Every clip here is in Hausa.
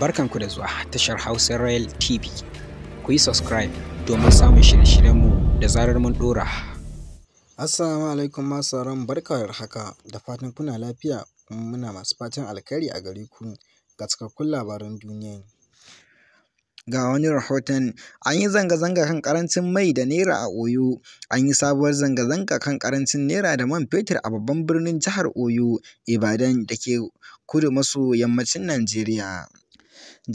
barkanku da zuwa tashar Hausa Royal TV. Ku yi subscribe domin samun shirye-shiryenmu da zarar mun dora Assalamu alaikum masaran barka haka da fatan kuna lafiya kuma muna masu fatan alkhairi a gare ku ga cikakkun labaran duniya. Ga wani rahoton an yi zanga-zanga kan karancin mai da naira a Oyo, an yi sabuwar zanga-zanga kan karancin naira da man fetur a babban birnin jihar Oyo, Ibadan da ke kudu maso yammacin Najeriya.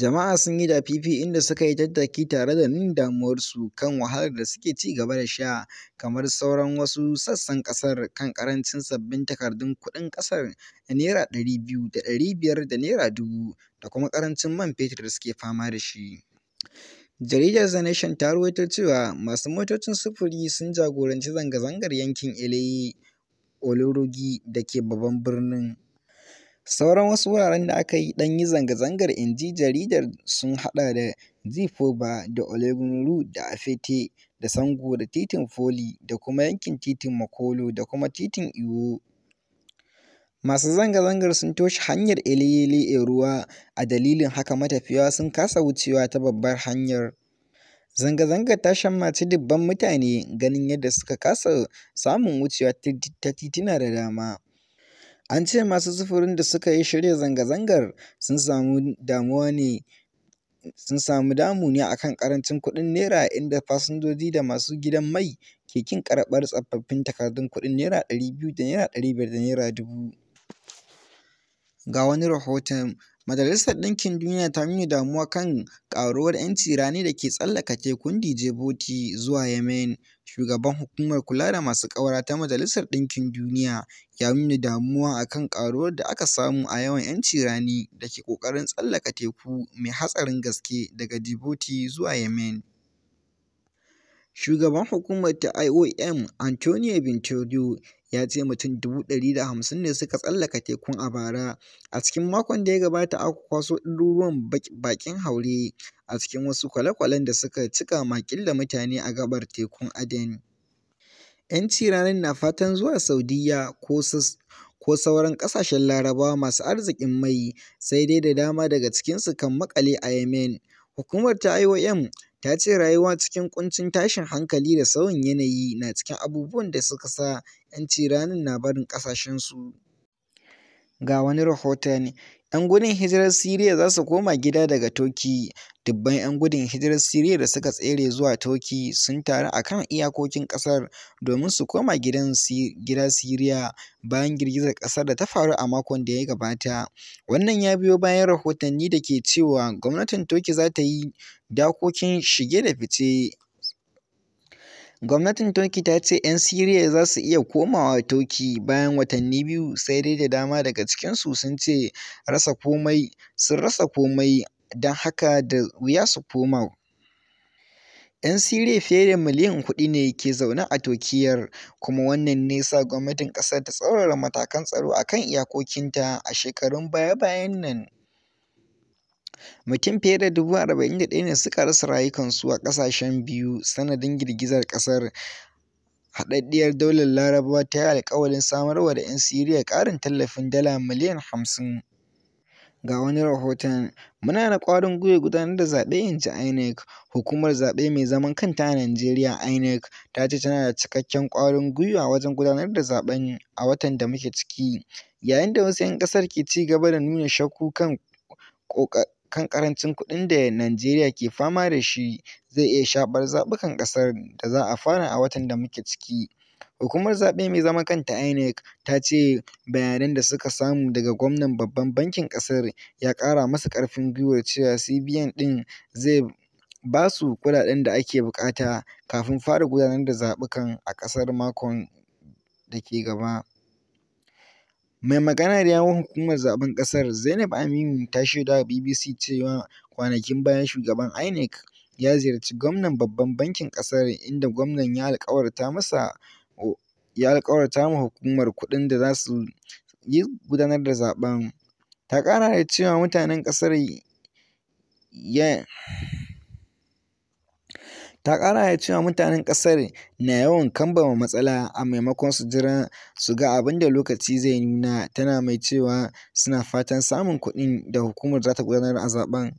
Jama'a sun yi dafifi, inda suka yi tattaki tare da nuna damuwarsu kan wahalar da suke ci gaba da sha, kamar sauran wasu sassan ƙasar, kan ƙarancin sabbin takardun kuɗin ƙasar da Naira biyu da biyar da Naira dubu, da kuma ƙarancin man fetur da suke fama da shi. Jaridar The Nation ta rawaito cewa masu motocin sufuri sun jagoranci zanga-zangar yankin eleye Olorogi da ke babban birnin. Sauran wasu wuraren da aka yi ɗan yi zanga-zangar, in ji jaridar, sun haɗa da zifoba da Oligoro da Afete da Sango da titin foli da kuma yankin titin Makolo da kuma titin Iwo. Masu zanga-zangar sun toshe hanyar eruwa a dalilin haka matafiya sun kasa wucewa ta babbar hanyar. Zanga-zangar ta shammaci dubban mutane, ganin yadda suka kasa samun wucewa ta titina da dama. An ce masu sufurin da suka yi shirya zanga-zangar sun samu damu ne a kan karancin kuɗin Naira, inda fasinjoji da masu gidan mai ke kin karɓar tsaffin takardun kuɗin Naira 200 da Naira 500 da Naira 1000. Ga wani rahoton: Majalisar Ɗinkin Duniya ta nuna damuwa kan ƙaruwar yanci rani da ke tsallaka tekun boti zuwa Yemen. Shugaban Hukumar Kula da Masu ƙaura ta Majalisar Ɗinkin Duniya ya nuna damuwa a kan ƙaruwar da aka samu a yawan 'yan cirani da ke ƙoƙarin tsallaka teku mai hatsarin gaske daga Djibouti zuwa Yemen. Shugaban Hukumar ta IOM, Antonio Vintorio, ya ce mutum dubu ɗari da hamsin ne suka tsallaka tekun a bara. A cikin makon da ya gabata aka kwaso ɗaruruwan baƙin haure a cikin wasu kwale-kwalen da suka cika maƙil da mutane a gabar tekun Aden. ‘Yan ciranin na fatan zuwa Saudiyya ko sauran ƙasashen Larabawa masu arzikin mai, sai dai da dama daga cikinsu kan maƙale a Yemen. Hukumar ta IOM ta ce rayuwa cikin ƙuncin tashin hankali da sauyin yanayi na cikin abubuwan da suka sa ‘yan tiranin na barin ƙasashensu. Ga wani rahoton: 'Yan gudun hijirar Siriya za su koma gida daga Toki. Dubban 'yan gudun hijirar Siriya da suka tsere zuwa Toki sun taru a kan iyakokin ƙasar domin su koma gidan gida Siriya bayan girgizar ƙasar da ta faru a makon da ya gabata. Wannan ya biyo bayan rahotanni da ke cewa gwamnatin Toki za ta yi dakokin shige da fice. Gwamnatin Turkey ta ce 'yan Siriya za su iya komawa Turkey bayan watanni biyu, sai dai da dama daga cikinsu sun ce sun rasa komai don haka da wuya su koma. 'Yan Siriya fiye da miliyan kuɗi ne ke zaune a turkiyar kuma wannan ne sa gwamnatin ƙasar ta tsaurara matakan tsaro a kan iyakokinta a shekarun baya-bayan nan. Mutum fiye da dubu arba'in da ɗaya ne suka rasa rayukansu a ƙasashen biyu sanadin girgizar ƙasar. Haɗaɗɗiyar Daular Larabawa ta yi alƙawarin samar wa da 'yan Siriya ƙarin tallafin dala miliyan hamsin. Ga wani rahoton, Muna da ƙwarin gwiwa gudanar da zaɓe, ji INEC. Hukumar zaɓe mai zaman kanta a Nijeriya (INEC) ta ce tana da cikakken ƙwarin gwiwa wajen gudanar da zaɓen a watan da muke ciki, yayin da wasu 'yan ƙasar ke ci gaba da nuna shakku kan ƙoƙa kan ƙarancin kuɗin da Najeriya ke fama da shi zai iya shafar zaɓukan ƙasar da za a fara a watan da muke ciki. Hukumar zaɓe mai zaman kanta (INEC) ta ce bayanan da suka samu daga Gwamnan Babban Bankin ƙasar ya ƙara masu ƙarfin gwiwar cewa CBN ɗin zai ba su kuɗaɗen da ake buƙata kafin fara gudanar da zaɓukan a ƙasar makon da ke gaba. Mai magana da yawun Hukumar Zaɓen ƙasar, Zainab Aminu, ta shaida wa BBC cewa kwanakin baya shugaban INEC ya ziyarci Gwamnan Babban Bankin ƙasar, inda gwamnan ya alkawarta ma hukumar kuɗin da za su yi gudanar da zaɓen. Ta ƙara da cewa mutanen ƙasar ya Ta ƙara da cewa mutanen ƙasar na yawan kambama matsala a maimakon su jira su ga abin da lokaci zai nuna, tana mai cewa suna fatan samun kuɗin da hukumar za ta gudanar a zaɓen.